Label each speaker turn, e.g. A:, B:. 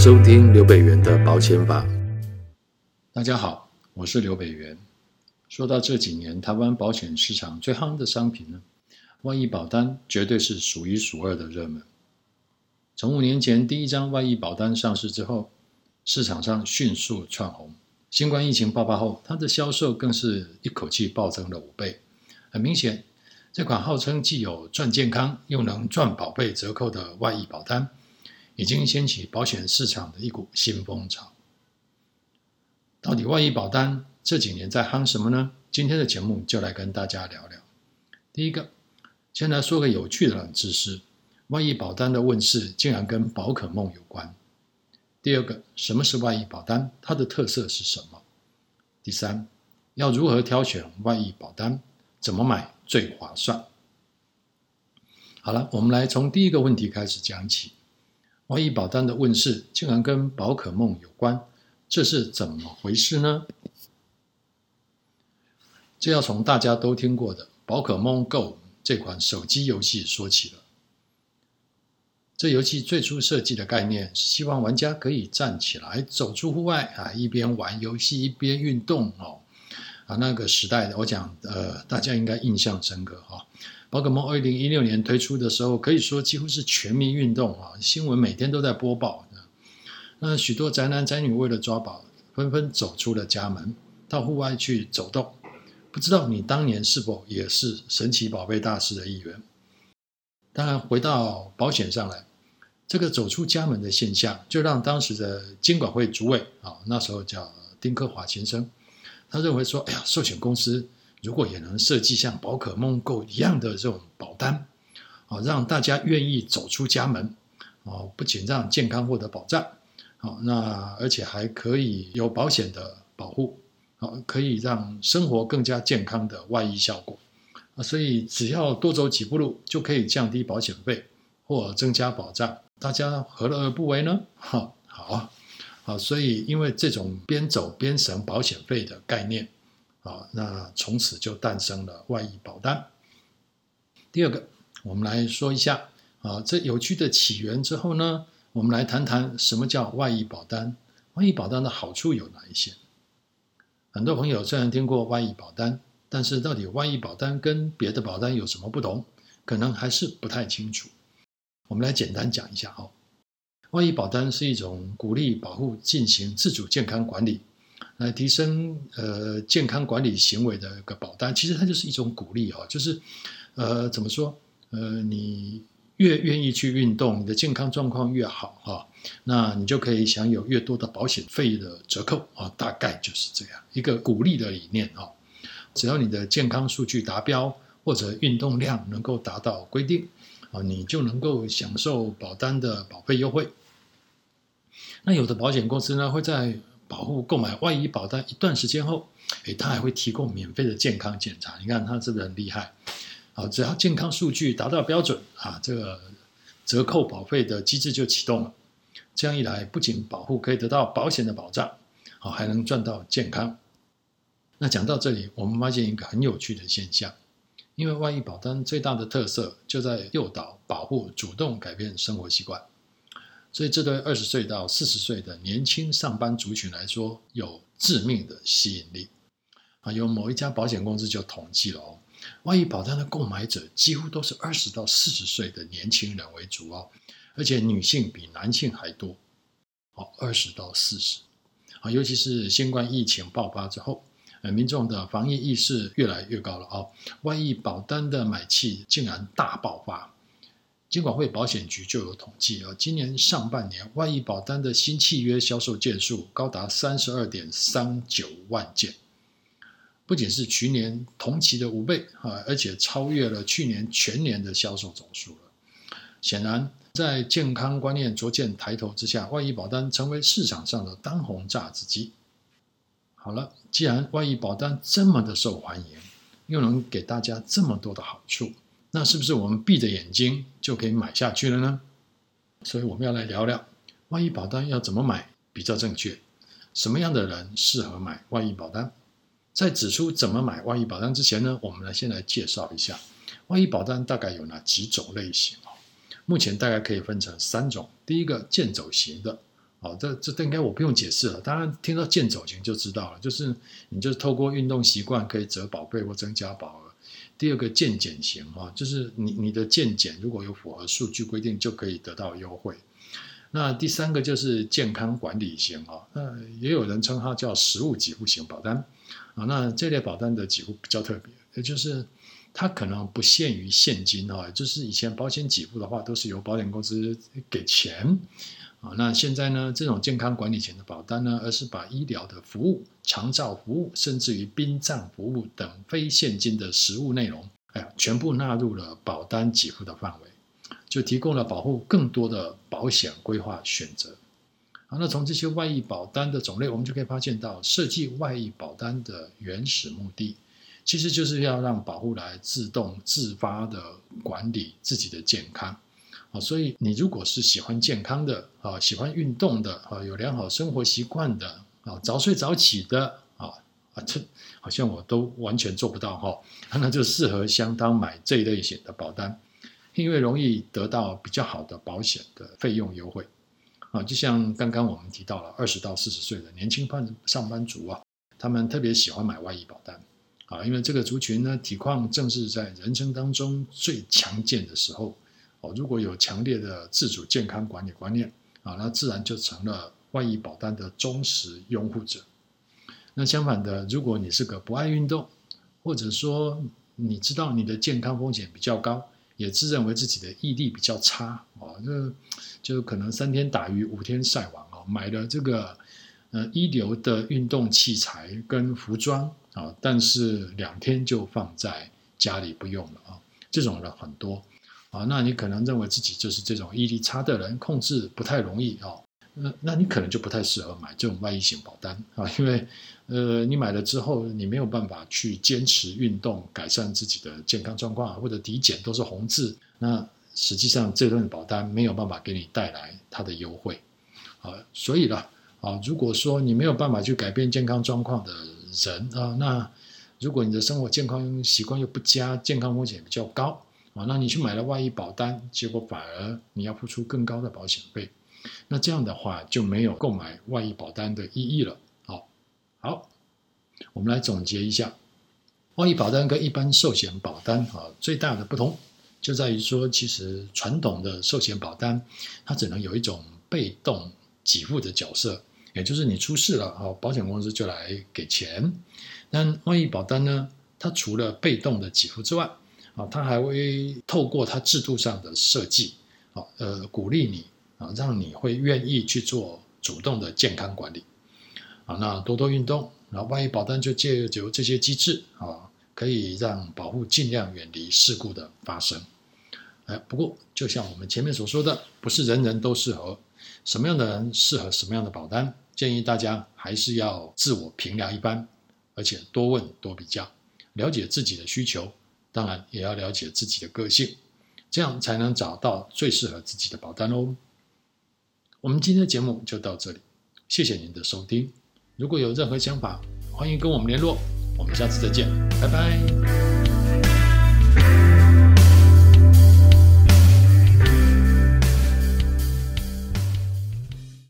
A: 收聽劉北元的保險法。大家好，我是劉北元。說到這幾年台灣保險市場最夯的商品呢，外溢保單絕對是數一數二的熱門。從五年前第一張外溢保單上市之後，市場上迅速竄紅。新冠疫情爆發後，它的銷售更是一口氣暴增了五倍。很明顯，這款號稱既有賺健康，又能賺保費折扣的外溢保單，已經掀起保險市場的一股新風潮。到底外溢保單這幾年在夯什麼呢？今天的節目就來跟大家聊聊。第一個，先來說個有趣的冷知識：外溢保單的問世竟然跟寶可夢有關。第二個，什麼是外溢保單？它的特色是什麼？第三，要如何挑選外溢保單？怎麼買最划算？好了，我們來從第一個問題開始講起。外溢保單的問世竟然跟寶可夢有關，這是怎麼回事呢？這要從大家都聽過的《寶可夢 GO》這款手機遊戲說起了。這遊戲最初設計的概念是希望玩家可以站起來走出戶外啊，一邊玩遊戲一邊運動哦。啊，那個時代我講，呃，大家應該印象深刻哈。寶可夢二零一六年推出的時候，可以說幾乎是全民運動啊！新聞每天都在播報，那許多宅男宅女為了抓寶，紛紛走出了家門，到戶外去走動。不知道你當年是否也是神奇寶貝大師的一員？當然，回到保險上來，這個走出家門的現象，就讓當時的金管會主委啊，那時候叫丁克華先生，他認為說：“哎呀，壽險公司。”如果也能設計像寶可夢 Go 一樣的這種保單，啊，讓大家願意走出家門，啊，不僅讓健康獲得保障，啊，那而且還可以有保險的保護，可以讓生活更加健康的外溢效果啊！所以只要多走幾步路，就可以降低保險費或增加保障，大家何樂而不為呢？哈，好、啊，好，所以因為這種邊走邊省保險費的概念。啊，那從此就誕生了外溢保單。第二個，我們來說一下啊，這有趣的起源之後呢，我們來談談什麼叫外溢保單。外溢保單的好處有哪一些？很多朋友雖然聽過外溢保單，但是到底外溢保單跟別的保單有什麼不同，可能還是不太清楚。我們來簡單講一下哦。外溢保單是一種鼓勵保戶進行自主健康管理，來提升呃健康管理行為的一個保單，其實它就是一種鼓勵哈、哦，就是呃怎麼說呃，你越願意去運動，你的健康狀況越好哈、哦，那你就可以享有越多的保險費的折扣啊、哦，大概就是這樣一個鼓勵的理念哈、哦，只要你的健康數據達標或者運動量能夠達到規定啊、哦，你就能夠享受保單的保費優惠。那有的保險公司呢會在保護購買外溢保單一段時間後，誒，他還會提供免費的健康檢查。你看他是不是很厲害？好、哦，只要健康數據達到標準啊，這個折扣保費的機制就啟動了。這樣一來，不僅保護可以得到保險的保障，好、哦，還能賺到健康。那講到這裡，我們發現一個很有趣的現象，因為外溢保單最大的特色就在誘導保護主動改變生活習慣。所以，這對二十歲到四十歲的年輕上班族群來說，有致命的吸引力啊！有某一家保險公司就統計了哦，外溢保單的購買者幾乎都是二十到四十歲的年輕人為主哦，而且女性比男性還多。好，二十到四十，啊，尤其是新冠疫情爆發之後，呃，民眾的防疫意識越來越高了哦，外溢保單的買氣竟然大爆發。金管會保險局就有統計啊，今年上半年外溢保單的新契約銷售件數高達三十二點三九萬件，不僅是去年同期的五倍啊，而且超越了去年全年的銷售總數了。顯然，在健康觀念逐漸抬頭之下，外溢保單成為市場上的當紅炸子雞。好了，既然外溢保單這麼的受歡迎，又能給大家這麼多的好處。那是不是我們閉着眼睛就可以買下去了呢？所以我們要來聊聊外溢保單要怎麼買比較正確，什麼樣的人適合買外溢保單？在指出怎麼買外溢保單之前呢，我們來先來介紹一下外溢保單大概有哪幾種類型？目前大概可以分成三種，第一個健走型的，好、哦，這這應該我不用解釋了，當然聽到健走型就知道了，就是你就透過運動習慣可以折保費或增加保額。第二個健檢型哈，就是你你的健檢如果有符合數據規定，就可以得到優惠。那第三個就是健康管理型啊，那也有人稱它叫實物給付型保單啊。那這類保單的給付比較特別，也就是它可能不限於現金哈，就是以前保險給付的話都是由保險公司給錢。啊，那現在呢，這種健康管理型的保單呢，而是把醫療的服務、長照服務，甚至於殯葬服務等非現金的實物內容，哎呀，全部納入了保單給付的範圍，就提供了保戶更多的保險規劃選擇。啊，那從這些外溢保單的種類，我們就可以發現到設計外溢保單的原始目的，其實就是要讓保戶來自動自發的管理自己的健康。啊，所以你如果是喜歡健康的啊，喜歡運動的啊，有良好生活習慣的啊，早睡早起的啊啊，這好像我都完全做不到哈、哦，那就適合相當買這一類型的保單，因為容易得到比較好的保險的費用優惠。啊，就像剛剛我們提到了，二十到四十歲的年輕班上班族啊，他們特別喜歡買外溢保單，啊，因為這個族群呢，體況正是在人生當中最強健的時候。哦，如果有強烈的自主健康管理觀念啊，那自然就成了外溢保單的忠實擁護者。那相反的，如果你是個不愛運動，或者說你知道你的健康風險比較高，也自認為自己的毅力比較差啊，這就可能三天打魚五天曬網啊，買了這個呃一流的運動器材跟服裝啊，但是兩天就放在家裡不用了啊，這種人很多。啊，那你可能認為自己就是這種毅力差的人，控制不太容易啊。那、哦、那你可能就不太適合買這種外溢型保單啊、哦，因為呃，你買了之後，你沒有辦法去堅持運動，改善自己的健康狀況，或者體檢都是紅字。那實際上，這份保單沒有辦法給你帶來它的優惠啊、哦。所以了啊、哦，如果說你沒有辦法去改變健康狀況的人啊、哦，那如果你的生活健康習慣又不佳，健康風險也比較高。啊，那你去買了外溢保單、嗯，結果反而你要付出更高的保險費，那這樣的話就沒有購買外溢保單的意義了。好，好，我們來總結一下，外溢保單跟一般壽險保單啊最大的不同就在於說，其實傳統的壽險保單它只能有一種被動給付的角色，也就是你出事了哦，保險公司就來給錢。那外溢保單呢，它除了被動的給付之外，啊，他還會透過他制度上的設計，啊，呃，鼓勵你啊，讓你會願意去做主動的健康管理，啊，那多多運動，啊，萬一保單就借由這些機制，啊，可以讓保戶盡量遠離事故的發生。哎，不過就像我們前面所說的，不是人人都適合，什麼樣的人適合什麼樣的保單，建議大家還是要自我評量一般，而且多問多比較，了解自己的需求。當然也要了解自己的個性，這樣才能找到最適合自己的保單哦。我們今天的節目就到這裡，謝謝您的收聽。如果有任何想法，歡迎跟我們聯絡。我們下次再見，拜拜。